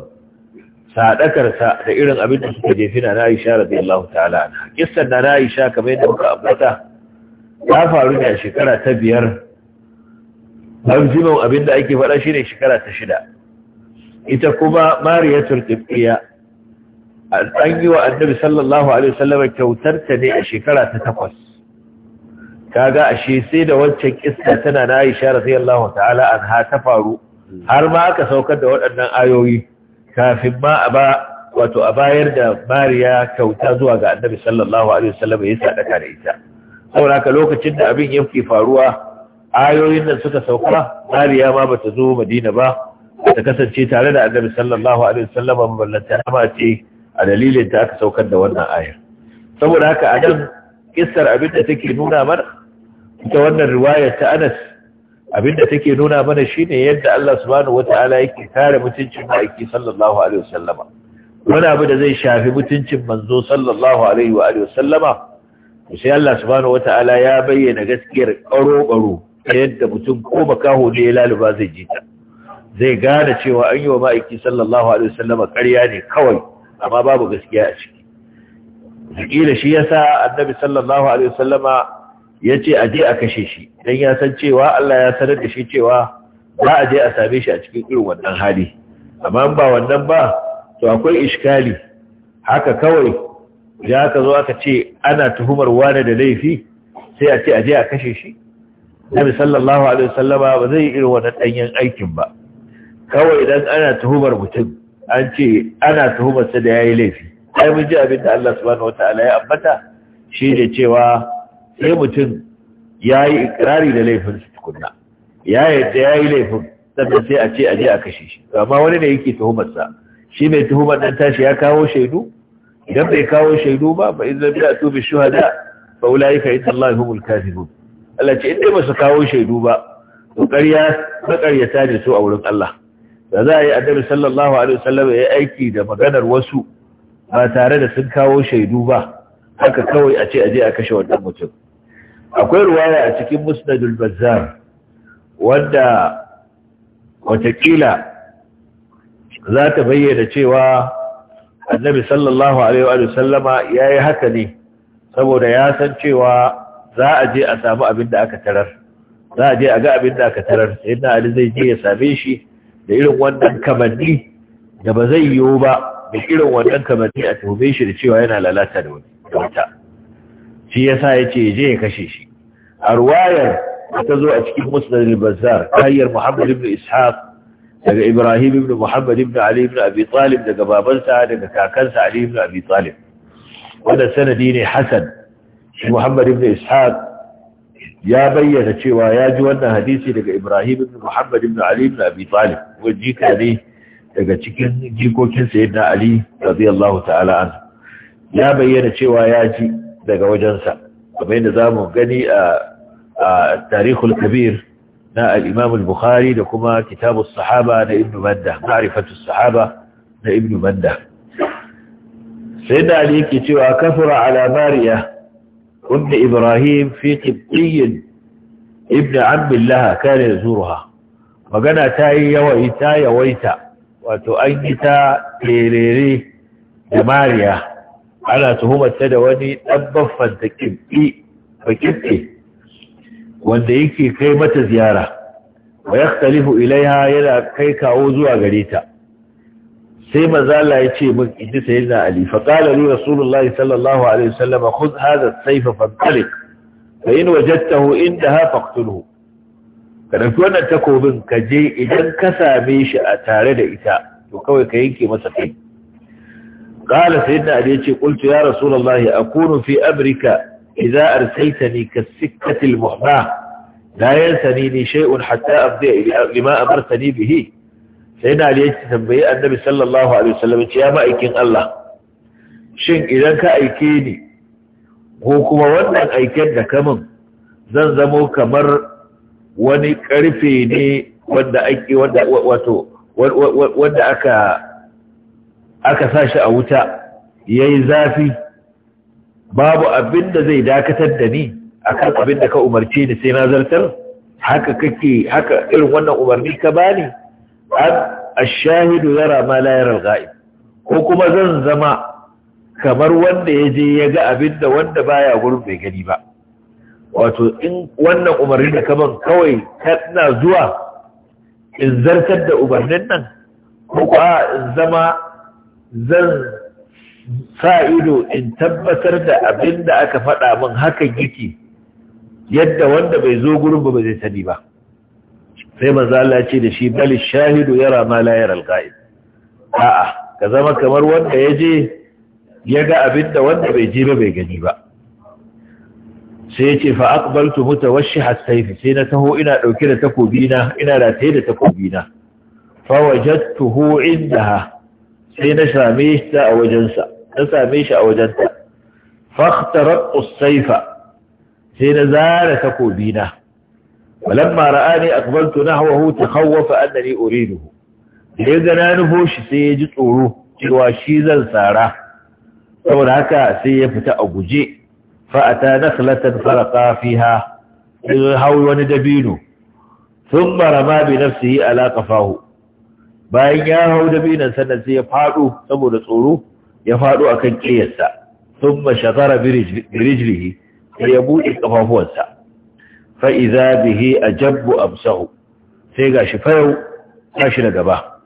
saɗakarsa da irin abin da suka jefi na Aisha Allah ta'ala anha kissan na Aisha kamar yadda muka ambata ta faru ne a shekara ta biyar abin abin da ake faɗa shine shekara ta shida ita kuma mariyatul qibtiyya an yi wa annabi sallallahu alaihi wasallam kyautar ta ne a shekara ta takwas kaga ashe sai da wancan kissa tana na Aisha Allah ta'ala an anha ta faru har ma aka saukar da waɗannan ayoyi kafin ma a ba wato a bayar da mariya kyauta zuwa ga annabi sallallahu alaihi wasallam ya sadaka da ita saboda ka lokacin da abin yake faruwa ayoyin nan suka sauka mariya ma bata zo madina ba ta kasance tare da annabi sallallahu alaihi wasallam mallanta ma ce a dalilin ta aka saukar da wannan aya saboda haka a nan kissar abin da take nuna mana ita wannan riwayar ta Anas abinda take nuna mana shine yadda Allah subhanahu wataala yake kare mutuncin ma'aiki sallallahu alaihi wasallama wani abu da zai shafi mutuncin manzo sallallahu alaihi wa alihi wasallama sai Allah subhanahu wataala ya bayyana gaskiyar karo karo yadda mutum ko makaho ne ya laluba zai ji ta zai gane cewa an yi wa ma'aiki sallallahu alaihi wasallama ƙarya ne kawai amma babu gaskiya a ciki kila shi yasa annabi sallallahu alaihi wasallama ya ce a je a kashe shi don ya san cewa Allah ya sanar da shi cewa za a je a same shi a cikin irin wannan hali amma ba wannan ba to akwai iskali haka kawai ya ka zo aka ce ana tuhumar wane da laifi sai a ce a je a kashe shi nabi sallallahu alaihi wasallama ba zai irin wannan danyen aikin ba kawai idan ana tuhumar mutum an ce ana tuhumarsa sa da yayi laifi ai mun ji abin da Allah subhanahu wataala ya ambata shi ne cewa sai mutum ya yi ikirari da laifin su tukunna ya yadda ya yi laifin sannan sai a ce a je a kashe shi amma wani ne yake tuhumarsa shi mai tuhumar nan tashi ya kawo shaidu idan bai kawo shaidu ba fa in zabi a tubi shuhada fa ulaika inna humul Allah ce in dai ba su kawo shaidu ba to ƙarya makaryata ne su a wurin Allah da za a yi annabi sallallahu alaihi wasallam ya aiki da maganar wasu ba tare da sun kawo shaidu ba haka kawai a ce a je a kashe wannan mutum akwai ruwaya a cikin musnadul bazzar wanda watakila za ta bayyana cewa annabi sallallahu alaihi wa sallama ya yi haka ne saboda ya san cewa za a je a samu abin da aka tarar za a je a ga abin da aka tarar yadda ali zai je ya same shi da irin wannan kamanni da ba zai yiwu ba da irin wannan kamanni a tobe shi da cewa yana lalata da wata shi yasa ya ce je ya kashe shi a ruwayar ta zo a cikin musnadin bazar ta hanyar muhammad ibn ishaq daga ibrahim ibn muhammad ibn ali ibn abi talib daga babansa daga kakansa ali ibn abi talib wanda sanadi ne hasan shi muhammad ibn ishaq ya bayyana cewa ya ji wannan hadisi daga ibrahim ibn muhammad ibn ali ibn abi talib wajika ne daga cikin jikokin sayyidina ali radiyallahu ta'ala anhu ya bayyana cewa ya ji daga wajensa kamar yadda za mu gani a tarihul kabir na al'imam al-bukhari da kuma kitabun sahaba da ibnu banda ma'arifatun sahaba na ibnu banda sai da ali yake cewa kafara ala mariya wanda ibrahim fi qibtiyyin ibn abdullah kare zuruha magana ta yi yawaita yawaita wato an yi ta lerere da mariya ana tuhumarta da wani ɗan baffan da wanda yake kai mata ziyara wa ya talifu ilaiha yana kai kawo zuwa gare ta sai mazala ya ce min inda sai na ali faƙala ni rasulullahi sallallahu alaihi wasallam khudh hadha as fantalik fa in wajadtahu indaha faqtulhu ka dauki wannan takobin ka je idan ka same shi a tare da ita to kawai ka yanke masa kai kala sayyidina ali yace qultu ya rasulullah akunu fi abrika idha arsaytani kasikati almuhna la yasani li shay'in hatta afdi lima amartani bihi sayyidina ali yace tambaye annabi sallallahu alaihi wasallam yace ya ma'aikin allah shin idan ka aike ni ko kuma wannan aiken da kaman zan zamo kamar wani karfe ne wanda aka aka sa shi a wuta ya yi zafi babu abin da zai dakatar da ni a kan abin da ka umarce ni sai na zartar haka kake haka irin wannan umarni ka bani an ashahidu yara ma la yara ko kuma zan zama kamar wanda ya je ya ga abin da wanda baya gurin bai gani ba wato in wannan umarni da kaman kawai kana zuwa in zartar da umarnin nan ko kuwa zama zan sa ido in tabbatar da abin da aka faɗa min hakan yake yadda wanda bai zo gurin ba zai sani ba sai manzo ce da shi bali shahidu yara ma la yara a'a ka zama kamar wanda ya je ya ga abin da wanda bai je ba bai gani ba sai ce fa aqbaltu mutawashshiha sayfi sai na taho ina dauke da takobi na ina rataye da takobi na fa wajadtuhu indaha sai na same ta a wajensa na same shi a wajenta fakhtarat usayfa sai na zara takobi na walamma ra'ani aqbaltu nahwahu takhawwafa annani uriduhu sai ga na nufo shi sai ya ji tsoro cewa shi zan sara saboda haka sai ya fita a guje fa ata nakhlatan faraqa fiha sai hawi wani dabino thumma rama bi nafsihi ala qafahu bayan ya hau dabinan sannan sai ya faɗo saboda tsoro ya faɗo akan kiyarsa thumma shatara birijlihi sai ya buɗe ƙafafuwansa. Fa'iza bihe a ajabbu amsahu sai ga shi fayau shi da gaba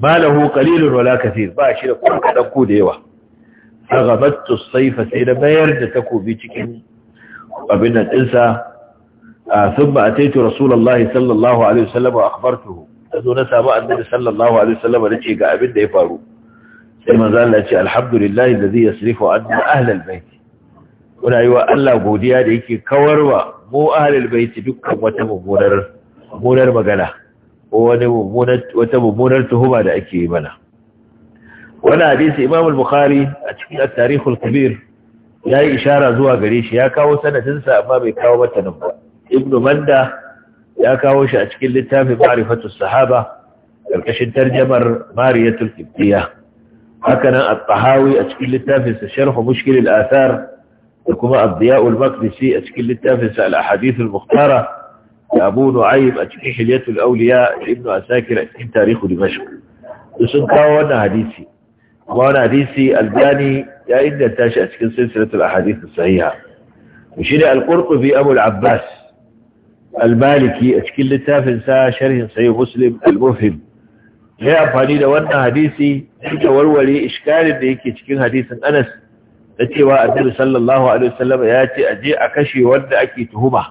malahu qalilun wala kafin ba shi da kuma kadan ko da yawa agabattu saifa sai da bayar da takobi cikin abin nan dinsa a ataitu Rasulallah sallallahu alaihi wasallam wa akhbartuhu ta zo na samu annabi sallallahu alaihi wasallam da ce ga abin da ya faru sai manzo Allah ya ce alhamdulillah alladhi yasrifu anna ahli albayt muna yi wa Allah godiya da yake kawarwa mu ahli albayt dukkan wata bubunar mummunar magana ko wani bubunar wata tuhuma da ake yi mana wannan hadisi Imam al-Bukhari a cikin at-Tarikh al-Kabir yayi ishara zuwa gare shi ya kawo sanadin sa amma bai kawo nan ba Ibn Manda ya kawo shi a cikin littafin ma'rifatu sahaba karkashin tarjamar mariyatul kibtiya haka nan at-tahawi a cikin littafin sa sharh mushkil al-athar da kuma abdiyaul maqdisi a cikin littafin sa al-ahadith al-mukhtara da abu nu'aym a cikin hilyatul awliya ibnu asakir a cikin tarikh dimashq sun kawo wannan hadisi amma wannan hadisi al-albani ya inganta shi a cikin silsilatul ahadith as-sahiha shi ne al-qurtubi abu al-abbas almaliki a cikin littafinsa sharhin sai muslim al-mufhim ya amfani da wannan hadisi da warware ishkarin da yake cikin hadisin anas da cewa annabi sallallahu alaihi wasallam ya ce a je a kashe wanda ake tuhuma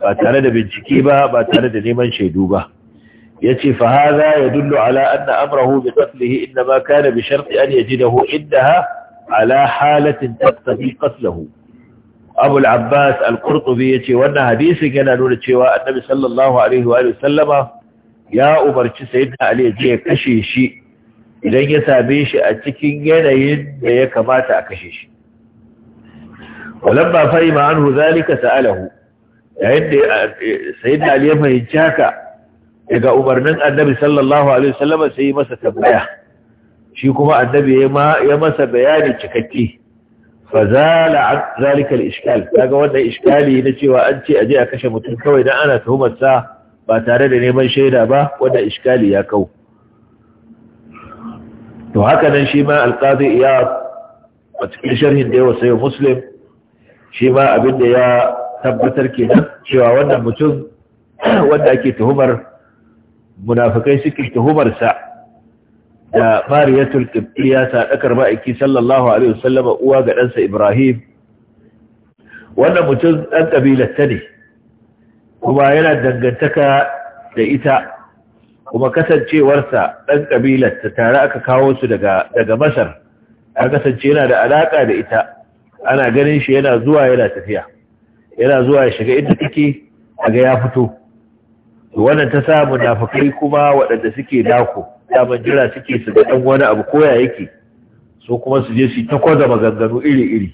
ba tare da bincike ba ba tare da neman shaidu ba yace fa ya yadullu ala anna amrahu bi qatlihi inma kana bi shart an yajidahu indaha ala halatin taqtadi qatlahu abul abbas al ya ce, wannan hadisin yana nuna cewa annabi sallallahu alaihi wa sallama ya umarci sayyidina ali ya kashe shi idan ya same shi a cikin yanayin da ya kamata a kashe shi walamma fahima anhu zalika sa'alahu yayin da eh, sayyidina ali ya fahimci haka daga umarnin annabi sallallahu alaihi wa sallama sai masa tambaya shi kuma annabi ya masa bayani cikakke fa zala zalika al-ishkal kaga wannan iskali na cewa an ce aje a kashe mutum kawai dan ana tuhumar sa ba tare da neman shaida ba wannan iskali ya kau to haka nan shi ma al-qadi iyad a cikin sharhin da yawa sai muslim shi ma abin da ya tabbatar kenan cewa wannan mutum wanda ake tuhumar munafikai suke tuhumar sa da fariyatul qibtiyya sadakar ma'aiki sallallahu alaihi wasallama uwa ga ɗansa Ibrahim wannan mutum ɗan kabilar ta ne kuma yana dangantaka da ita kuma kasancewarsa ɗan kabilar ta tare aka kawo su daga daga Masar a kasance yana da alaka da ita ana ganin shi yana zuwa yana tafiya yana zuwa ya shiga inda take a ya fito wannan ta samu nafakai kuma waɗanda suke dako daman jira suke su ga ɗan wani abu koya yake so kuma su je su ta kwaza maganganu iri-iri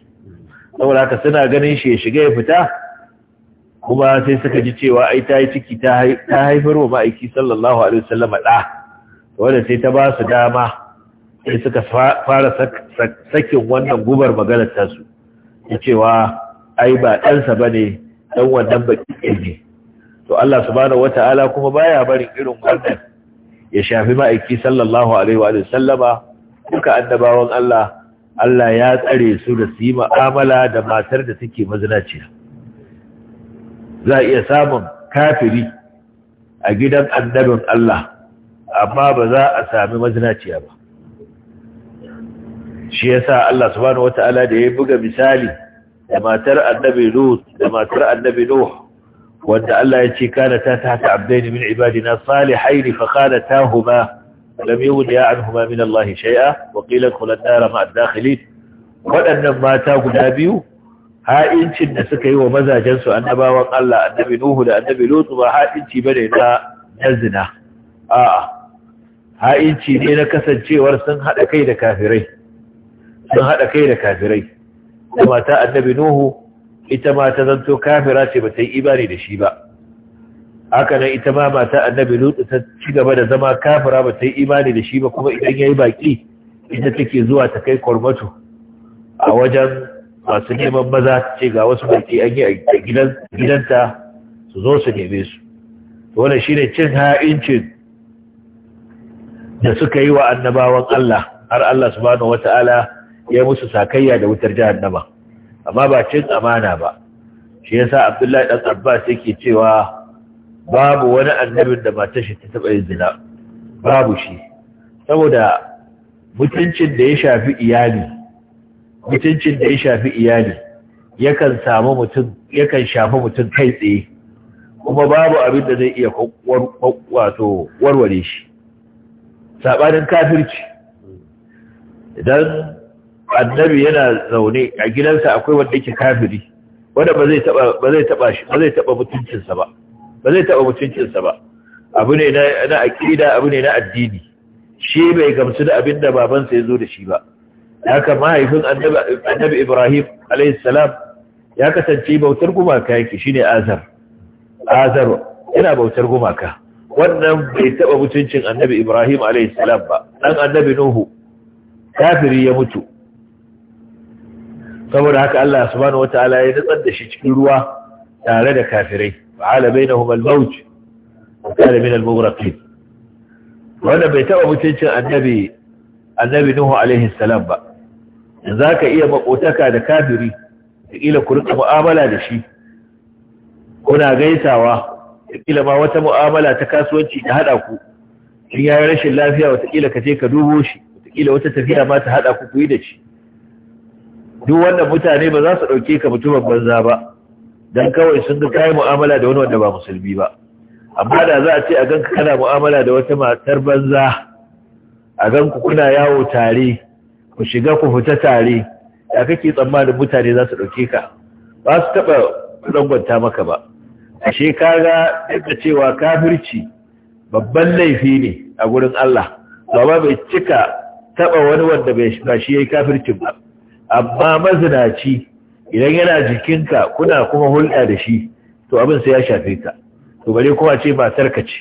saboda haka suna ganin shi ya shiga ya fita kuma sai suka ji cewa ai ta yi ciki ta haifar wa ma'aiki sallallahu alaihi wasallam ɗa wanda sai ta ba su dama sai suka fara sakin wannan gubar maganar tasu ya cewa ai ba ɗansa ba ne ɗan wannan baƙi ne to Allah subhanahu wata'ala kuma baya barin irin wannan ya shafi ma'aiki sallallahu alaihi wa sallama duka annabawan Allah Allah ya tsare su da su yi ma'amala da matar da take mazinaciya za a iya samun kafiri a gidan annabin Allah amma ba za a sami mazinaciya ba shi yasa Allah subhanahu wata'ala da ya buga misali da matar annabi nuhu? wanda Allah ya ce kana ta tahta abdaini min ibadina salihaini fa khanatahuma lam yughniya anhuma min Allah shay'a wa qila khulan nar ma ad wadannan mata guda biyu ha'incin da suka yi wa mazajen su annabawan Allah annabi Nuhu da annabi Lutu ba ha'inci bane na zina a'a ha'inci ne na kasancewar sun hada kai da kafirai sun hada kai da kafirai mata annabi Nuhu ita ma ta zanto kafira ce ba ta yi imani da shi ba haka nan ita ma mata annabi lutu ta ci gaba da zama kafira ba ta yi imani da shi ba kuma idan ya yi baƙi ita take zuwa ta kai kwarmatu. a wajen masu neman maza ce ga wasu baki an yi a gidanta su zo su neme su wannan shi ne cin ha'incin da suka yi wa annabawan Allah har Allah su wata wata'ala ya musu sakayya da wutar jihar nama amma ba cin amana ba shi yasa abdullahi dan abbas yake cewa babu wani annabin da matar shi ta taba yin zina babu shi saboda mutuncin da ya shafi iyali mutuncin da ya shafi iyali yakan samu mutum yakan shafi mutum kai tsaye kuma babu abin da zai iya wato warware shi sabanin kafirci idan annabi yana zaune a gidansa akwai wanda yake kafiri wanda ba zai taba ba zai taba shi ba zai taba mutuncinsa ba ba zai taba mutuncinsa ba abu ne na na aqida abu ne na addini shi bai gamsu da abinda babansa ya zo da shi ba haka mahaifin annabi Ibrahim alayhi salam ya kasance bautar gumaka yake shine azar azar yana bautar gumaka wannan bai taba mutuncin annabi Ibrahim alayhi salam ba dan annabi Nuhu kafiri ya mutu saboda haka Allah subhanahu wataala ya nutsar da shi cikin ruwa tare da kafirai fa'ala bainahum al-mawj wa kana min al-mughraqin wanda bai taba mutuncin annabi annabi nuhu alaihi salam ba yanzu ka iya makotaka da kafiri kila ku rika mu'amala da shi kuna gaisawa kila ma wata mu'amala ta kasuwanci ta hada ku in yayin rashin lafiya wata kila ka je ka dubo shi wata kila wata tafiya ma ta hada ku ku yi da shi duk wannan mutane ba za su ɗauke ka mutumin banza ba don kawai sun ga kayi mu'amala da wani wanda ba musulmi ba amma da za a ce a ganka kana mu'amala da wata matar banza a ganku kuna yawo tare ku shiga ku fita tare da kake tsammanin mutane za su ɗauke ka ba su taɓa ɗangwanta maka ba ashe kaga yadda cewa kafirci babban laifi ne a gurin Allah ba bai cika taɓa wani wanda ba shi ya kafircin ba amma mazinaci idan yana jikinka kuna kuma hulɗa da shi to abin sai ya shafe ka to bare kuma ce matarka ce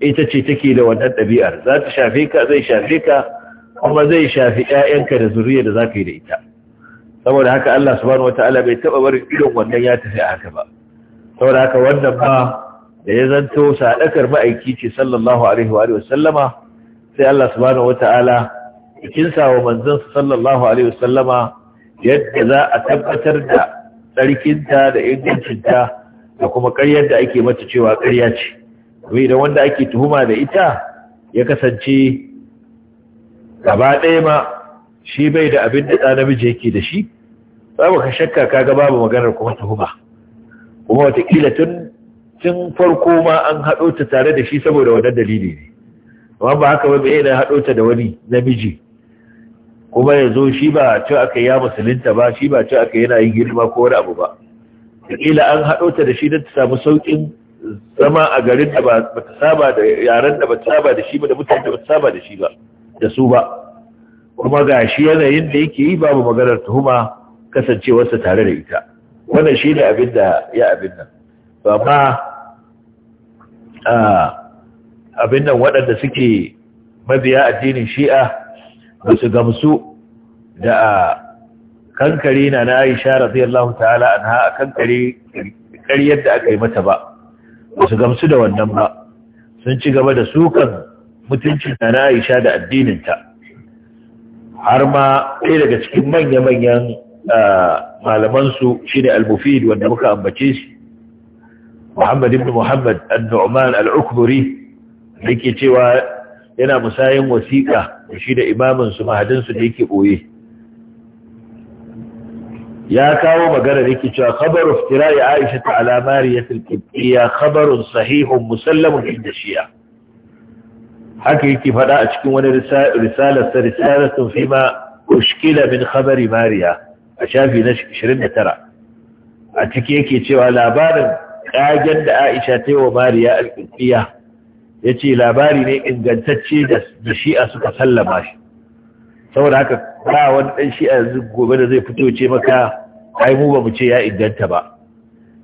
ita ce take da wannan ɗabi'ar za ta shafe ka zai shafe ka kuma zai shafi ƴaƴanka da zuriyar da za ka yi da ita saboda haka Allah subhanahu wataala bai taɓa barin irin wannan ya tafi a haka ba saboda haka wannan ba da ya zanto sadakar ma'aiki ce sallallahu alaihi wa sallama sai Allah subhanahu wataala kinsa wa manzon sallallahu alaihi wasallama yadda za a tabbatar da tsarkinta da ingancinta da kuma ƙaryar da ake mata cewa ƙarya ce kuma idan wanda ake tuhuma da ita ya kasance gaba ɗaya ma shi bai da abin da ɗa namiji yake da shi babu ka shakka ka ga babu maganar kuma tuhuma kuma watakila tun tun farko ma an haɗo ta tare da shi saboda wannan dalili ne amma ba haka ba mai yana haɗo ta da wani namiji kuma ya zo shi ba ce aka ya musulinta ba shi ba ce aka yana yin girma ko wani abu ba kila an haɗo ta da shi don ta samu sauƙin zama a garin da ba ta saba da yaren da ba ta saba da shi ba da mutane da ba ta saba da shi ba da su ba kuma ga shi yanayin da yake yi babu maganar tuhuma kasancewarsa tare da ita wannan shi ne abin da ya abin nan ba ma ah, abin nan waɗanda suke mabiya addinin shi'a ba su gamsu da a kankare na na aisha radiyallahu ta'ala ha a kankari ƙaryar da aka yi mata ba ba su gamsu da wannan ba sun ci gaba da sukan mutuncin na na aisha da addininta har ma ɗaya daga cikin manya-manyan malamansu shi ne al wanda muka ambace shi muhammad ibn muhammad al-nu'man al-ukburi da ke cewa yana musayin wasiƙa da shi da imaminsu mahadinsu da yake ɓoye ya kawo magana da yake cewa khabaru iftira'i Aisha ta ala Mariyatul khabarun sahihun musallamun inda shi'a haka yake faɗa a cikin wani risalar sa risalatun fi ma ushkila min khabari Mariya a shafi na 29 a ciki yake cewa labarin ƙagen da Aisha ta yi wa Mariya al ya ce labari ne ingantacce da shi'a suka sallama shi saboda haka ba wani ɗan shi'a yanzu gobe da zai fito ce maka ai mu ba mu ce ya inganta ba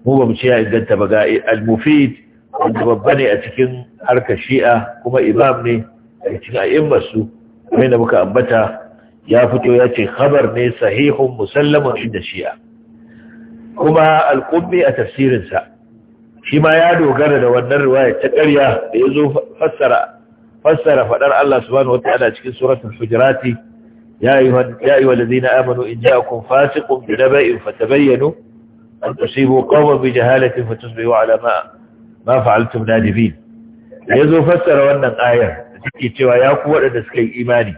mu ba mu ce ya inganta ba ga al-mufid wanda babba ne a cikin harkar shi'a kuma imam ne a cikin a'immar su kamar da muka ambata ya fito ya ce khabar ne sahihun musallamun inda shi'a kuma al-qubbi a tafsirinsa shi ma ya dogara da wannan riwaya ta ƙarya da ya zo fassara fassara faɗar Allah subhanahu wataala cikin suratul hujurati ya ayyuha ya ayyuha allazina amanu in ja'akum fasiqun binaba'in fatabayyanu an tusibu qawman bi jahalatin fatusbihu ala ma ma fa'altum nadibin ya zo fassara wannan ayar da take cewa ya ku waɗanda suka yi imani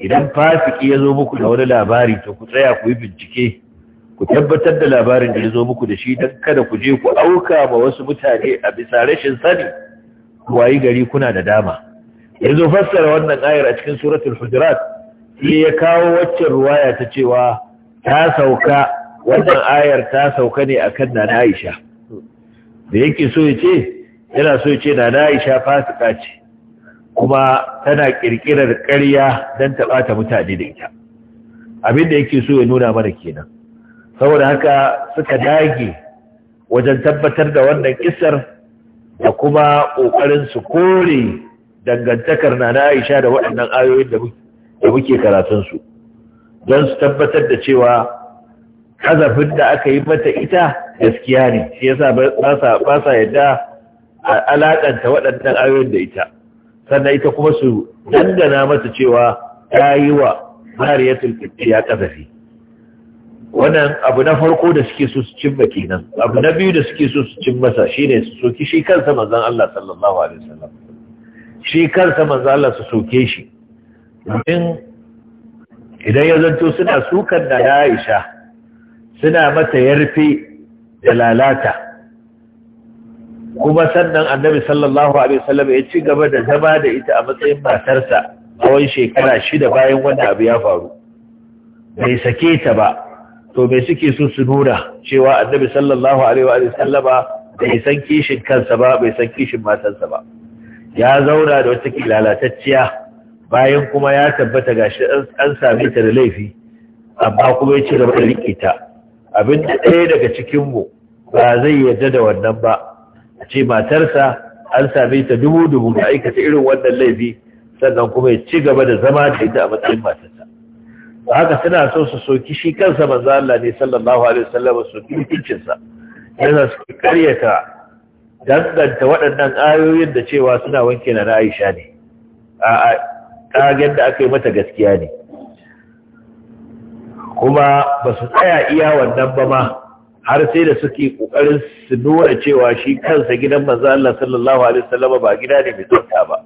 idan fasiki ya zo muku da wani labari to ku tsaya ku yi bincike ku tabbatar da labarin da ya zo muku da shi don kada ku je ku auka ma wasu mutane a bisa rashin sani wayi gari kuna da dama Ya zo fassara wannan ayar a cikin suratul hujurat sai ya kawo waccan ruwaya ta cewa ta sauka wannan ayar ta sauka ne akan nana Aisha da yake so ya ce yana so ya ce nana Aisha fasika ce kuma tana kirkirar ƙarya don ta ɓata mutane da ita abin da yake so ya nuna mana kenan saboda haka suka dage wajen tabbatar da wannan kisar da kuma ƙoƙarin su kore dangantakar na na aisha da waɗannan ayoyin da muke karatunsu don su tabbatar da cewa kazafin da aka yi mata ita gaskiya ne shi yasa ba sa yadda alaƙanta waɗannan ayoyin da ita sannan ita kuma su dangana mata cewa ta yi wa mariyatul ya kazafi wannan abu na farko da suke so su cimma kenan abu na biyu da suke so su cimma sa shine su soki shi kansa manzon Allah sallallahu alaihi wasallam shi kansa manzon Allah su soke shi domin idan ya zanto suna sukan da Aisha suna mata yarfe da lalata kuma sannan annabi sallallahu alaihi wasallam ya ci gaba da zama da ita a matsayin matarsa tsawon shekara shida bayan wanda abu ya faru bai sake ta ba to me suke so su nuna cewa annabi sallallahu alaihi wa sallama bai san kishin kansa ba bai san kishin matansa ba ya zauna da wata kilalatacciya bayan kuma ya tabbata gashi an same ta da laifi amma kuma ya ci gaba da rikita. abin da ɗaya daga cikin mu ba zai yarda da wannan ba a ce matarsa an same ta dubu dubu da aikata irin wannan laifi sannan kuma ya ci gaba da zama da ita a matsayin matarsa haka suna so su soki shi kansa manzo Allah ne sallallahu alaihi wasallam su kicin sa yana su karyata danganta waɗannan ayoyin da cewa suna wanke na Aisha ne a kagen da aka yi mata gaskiya ne kuma ba su tsaya iya wannan ba ma har sai da suke kokarin su nuna cewa shi kansa gidan manzo Allah sallallahu alaihi wasallam ba gida ne mai tsafta ba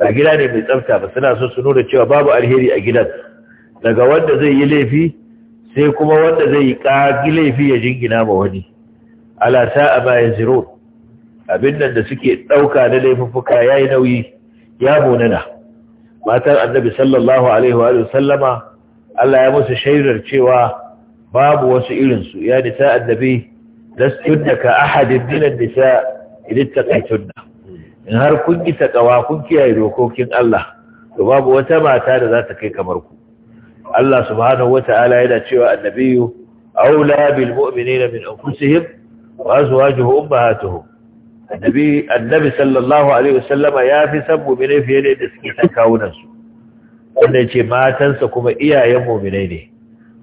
ba gida ne mai tsafta ba suna so su nuna cewa babu alheri a gidan daga wanda zai yi laifi sai kuma wanda zai yi ƙagi laifi ya jingina ma wani ala sa'a ma yanzurun abin nan da suke ɗauka na ya yi nauyi ya munana matan annabi sallallahu alaihi wa sallama Allah ya musu shaidar cewa babu wasu irinsu ya nisa annabi lastunna ka ahadin dinan nisa idan taqaytunna in har kun gita ƙawa kun kiyaye dokokin Allah to babu wata mata da za ta kai kamar ku Allah subhanahu wata'ala yana cewa annabiyu aula bil mu'minina min anfusihim wa azwajuhu ummahatuhum annabi annabi sallallahu alaihi ya fi san mu'mine fiye da suke san kawunan su wanda yace matansa kuma iyayen muminai ne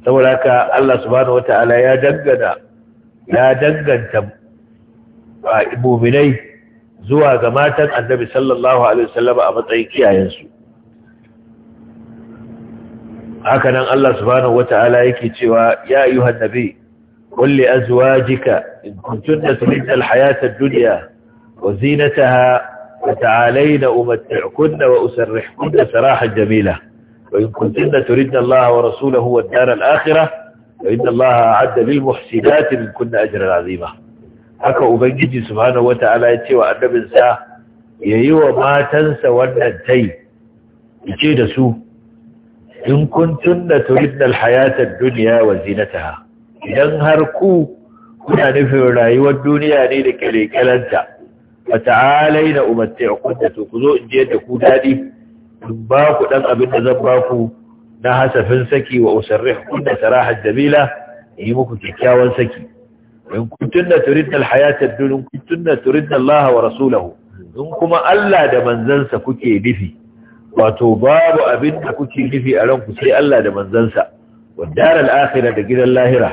saboda haka Allah subhanahu wata'ala ya dangana ya danganta mu'minai zuwa ga matan annabi sallallahu alaihi wasallama a matsayin kiyayensu haka nan Allah subhanahu wata'ala yake cewa ya ayyuhan nabi qul azwajika in kuntunna turidna al-hayata ad-dunya wa zinataha فتعالينا أمتعكن وأسرحكن سراحا جميلا وإن كنتن تردن الله ورسوله والدار الآخرة فإن الله أعد للمحسنات من كن أجرا عظيما haka ubangiji subhanahu wataala ya ce wa annabinsa yayi wa matansa wannan tai yace da su in kuntunna turidna alhayata ad-dunya wa zinataha idan har ku kuna nufin rayuwar duniya ne da kelekelanta ya umatti'ukunna to ku zo in je da ku daɗi. in ba ku dan abin da zan ba ku na hasafin saki wa usarrihukunna sarahan jamila yi muku kyakkyawan saki in kuntunna turidna alhayata ad-dunya kuntunna turidna laha wa rasulahu in kuma Allah da manzansa kuke nufi wato babu abinda kuke nufi a ranku sai Allah da manzansa wa daral akhirah da gidan lahira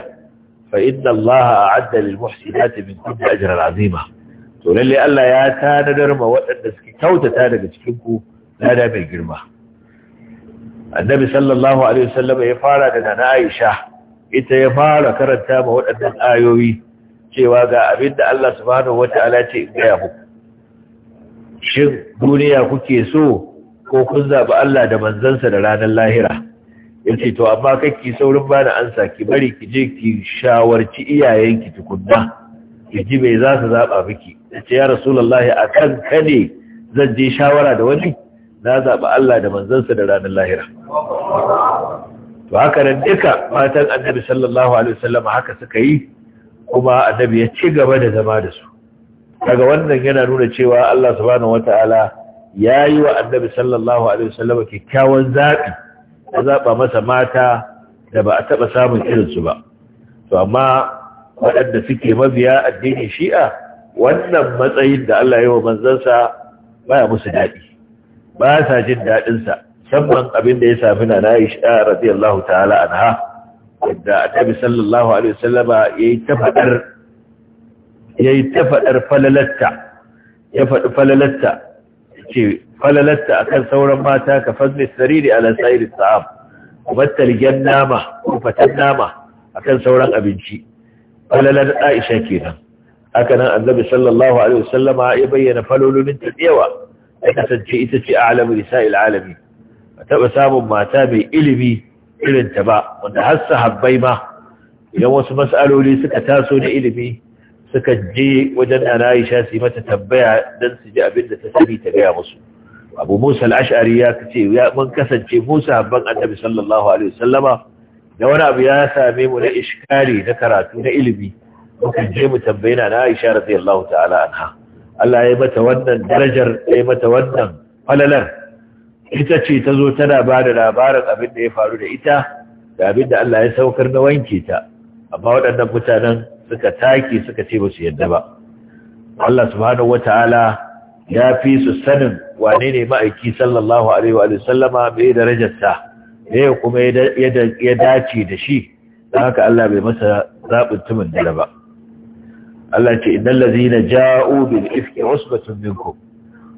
fa inna Allah a'adda lil muhsinati min kulli ajrin azima to lalle Allah ya tanadar ma waɗanda suke kautata daga cikin ku lada mai girma annabi sallallahu alaihi wasallam ya fara da nana Aisha ita ya fara karanta ma waɗannan ayoyi cewa ga abin da Allah subhanahu wata'ala ce in ga yabo shin duniya kuke so ko kun zaɓi Allah da manzansa da ranar lahira ya ce to amma kakki saurin bani ansa ki bari ki je ki shawarci iyayenki tukunna ki ji mai za su zaɓa miki ya ce ya rasulallah a kan ka zan je shawara da wani na zaɓi Allah da manzansa da ranar lahira to haka nan duka matan annabi sallallahu alaihi wasallam haka suka yi kuma annabi ya ci gaba da zama da su daga wannan yana nuna cewa Allah subhanahu wataala ya yi wa annabi sallallahu alaihi kyakkyawan zaɓi ya zaɓa masa mata da ba a taɓa samun irinsu ba to amma waɗanda suke mabiya addinin shi'a wannan matsayin da Allah ya yi wa manzansa ya musu daɗi ba sa jin daɗinsa musamman abin da ya sami na Aisha radiyallahu ta'ala anha da annabi sallallahu alaihi ta falalatta ya faɗi falalatta ce falalatta akan sauran mata ka fadlis sariri ala sa'iri sa'am kubattar yan nama kufatan nama akan sauran abinci falalar aisha kenan Hakanan nan annabi sallallahu alaihi wasallama ya bayyana falololin ta tsewa ya kasance ita ce a'lamu nisa'il alami ba taba samun mata mai ilimi irinta ba wanda har sahabbai ma idan wasu mas'aloli suka taso na ilimi suka je wajen ana Aisha su yi mata tambaya dan su ji abin da ta sani ta gaya musu Abu Musa al-Ash'ari ya ce ya mun kasance Musa ban Annabi sallallahu alaihi wasallama da wani abu ya same mu na iskari na karatu na ilimi muka je mu tambayi na Aisha radiyallahu ta'ala anha Allah ya mata wannan darajar ya mata wannan falalar ita ce ta zo tana ba da labarin abin da ya faru da ita da abin da Allah ya saukar na wanke ta amma waɗannan mutanen suka taki suka ce ba su yadda ba Allah subhanahu ta'ala ya fi su sanin wane ne ma'aiki sallallahu alaihi wa sallama mai darajarsa ne kuma ya dace da shi don haka Allah bai masa zaɓin tumin dala ba Allah ce idan lazina ja'u bil ifki usbatun minkum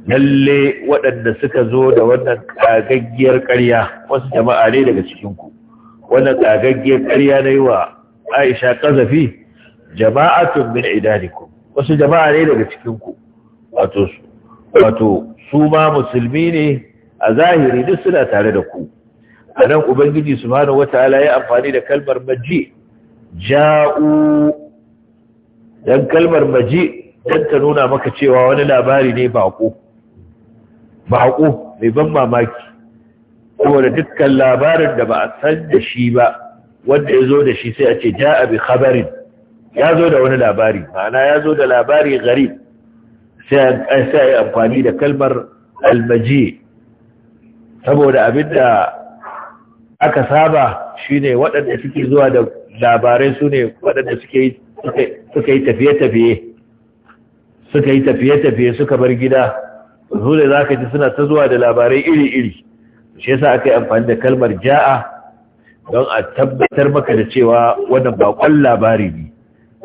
lalle waɗanda suka zo da wannan kagaggiyar ƙarya wasu jama'a ne daga cikinku wannan kagaggiyar ƙarya na yi wa Aisha ƙazafi jama'atun min idanikum wasu jama'a ne daga cikin ku wato wato su ma musulmi ne a zahiri duk suna tare da ku a nan ubangiji subhanahu wataala ya amfani da kalmar maji ja'u dan kalmar maji dan ta nuna maka cewa wani labari ne bako bako mai ban mamaki saboda dukkan labarin da ba a san da shi ba wanda ya zo da shi sai a ce ja'a bi khabarin ya zo da wani labari ma'ana ya zo da labari gari sai a yi amfani da kalmar almaji saboda abinda aka saba shine waɗanda suke zuwa da labarai su ne waɗanda suka yi tafiye-tafiye suka yi tafiye-tafiye suka bar gida su ne za ka ji suna ta zuwa da labarai iri-iri shi yasa aka yi amfani da kalmar ja'a don a tabbatar maka da cewa wannan bakon labari ne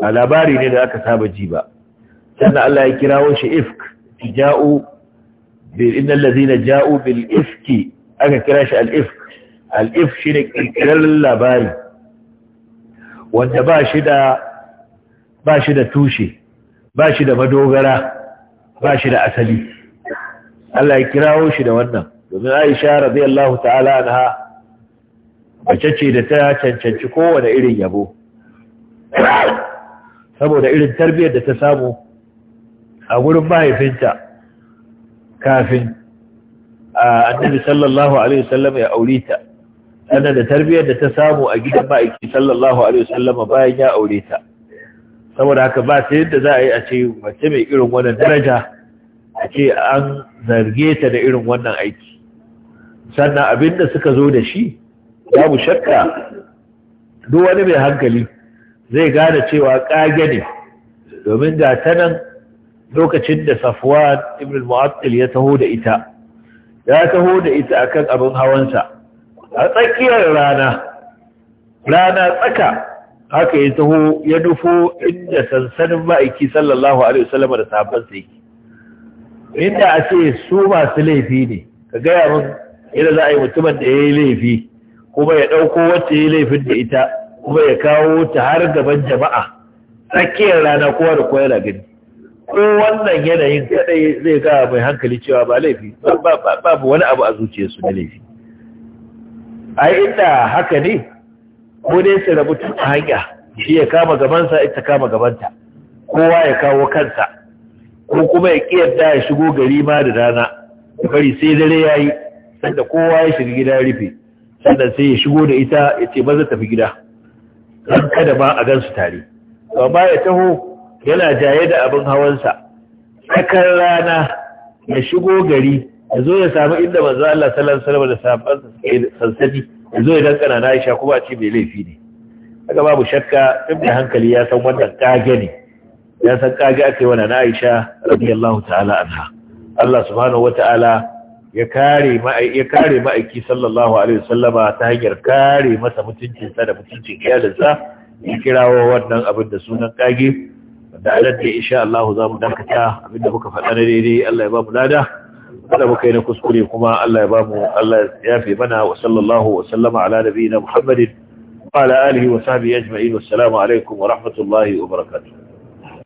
a labari ne da aka saba ji ba sannan Allah ya kirawo shi ifk ja'u bil innal ladhina ja'u bil ifki aka kira shi al ifk al ifk shine kirkirar labari wanda ba shi da ba shi da tushe ba shi da madogara ba shi da asali Allah ya kirawo shi da wannan domin Aisha radiyallahu ta'ala anha mace ce da ta cancanci kowane irin yabo saboda irin tarbiyyar da ta samu a gurin mahaifinta kafin a annabi sallallahu alaihi wasallam ya aure ta sannan da tarbiyyar da ta samu a gidan ma'aiki sallallahu alaihi wasallam bayan ya aure ta saboda haka ba sai yadda za a yi a ce mace mai irin wannan daraja a ce an zarge ta da irin wannan aiki sannan abin da suka zo da shi babu shakka duk wani mai hankali zai gane cewa ƙage ne domin ga ta nan lokacin da safuwan Ibrahim muattil ya taho da ita ya taho da ita a kan abin hawansa a tsakiyar rana rana tsaka haka ya taho ya nufo inda sansanin ma'aiki sallallahu alaihi wasallam da sahabbansa yake inda a ce su masu laifi ne ka gaya mun yadda za a yi mutumin da ya yi laifi kuma ya ɗauko wacce ya yi laifin da ita kuma ya kawo ta har gaban jama'a tsakiyar rana kowa da kowa yana gani ko wannan yanayin kadai zai ga mai hankali cewa ba laifi babu wani abu a su da laifi a inda haka ne ko dai su rabu tun a hanya shi ya kama gabansa ita kama gabanta kowa ya kawo kansa ko kuma ya kiyarda ya shigo gari ma da rana ya bari sai dare ya yi sanda kowa ya shiga gida ya rufe sannan sai ya shigo da ita ya ce maza tafi gida don kada ma a gansu tare ba ya taho yana jaye da abin hawansa tsakar rana ya shigo gari ya zo ya samu inda manzo Allah sallallahu alaihi wasallam da sahabban sansani ya zo ya dankana na Aisha kuma ce mai laifi ne kaga babu shakka tun da hankali ya san wannan kage ne ya san kage akai wannan Aisha radiyallahu ta'ala anha Allah subhanahu ta'ala. ya kare ma'aiki sallallahu alaihi wasallama ta hanyar kare masa mutuncinsa da mutuncin iyalinsa ya kirawo wannan abin da sunan kage da alatta insha allahu za mu dakata abinda muka faɗa na daidai Allah ya ba mu lada wanda muka yi na kuskure kuma Allah ya ba mu Allah ya fi mana wa sallallahu wa sallama ala nabiyina Muhammadin wa ala alihi wa sahbihi ajma'in wassalamu alaikum wa rahmatullahi wa barakatuh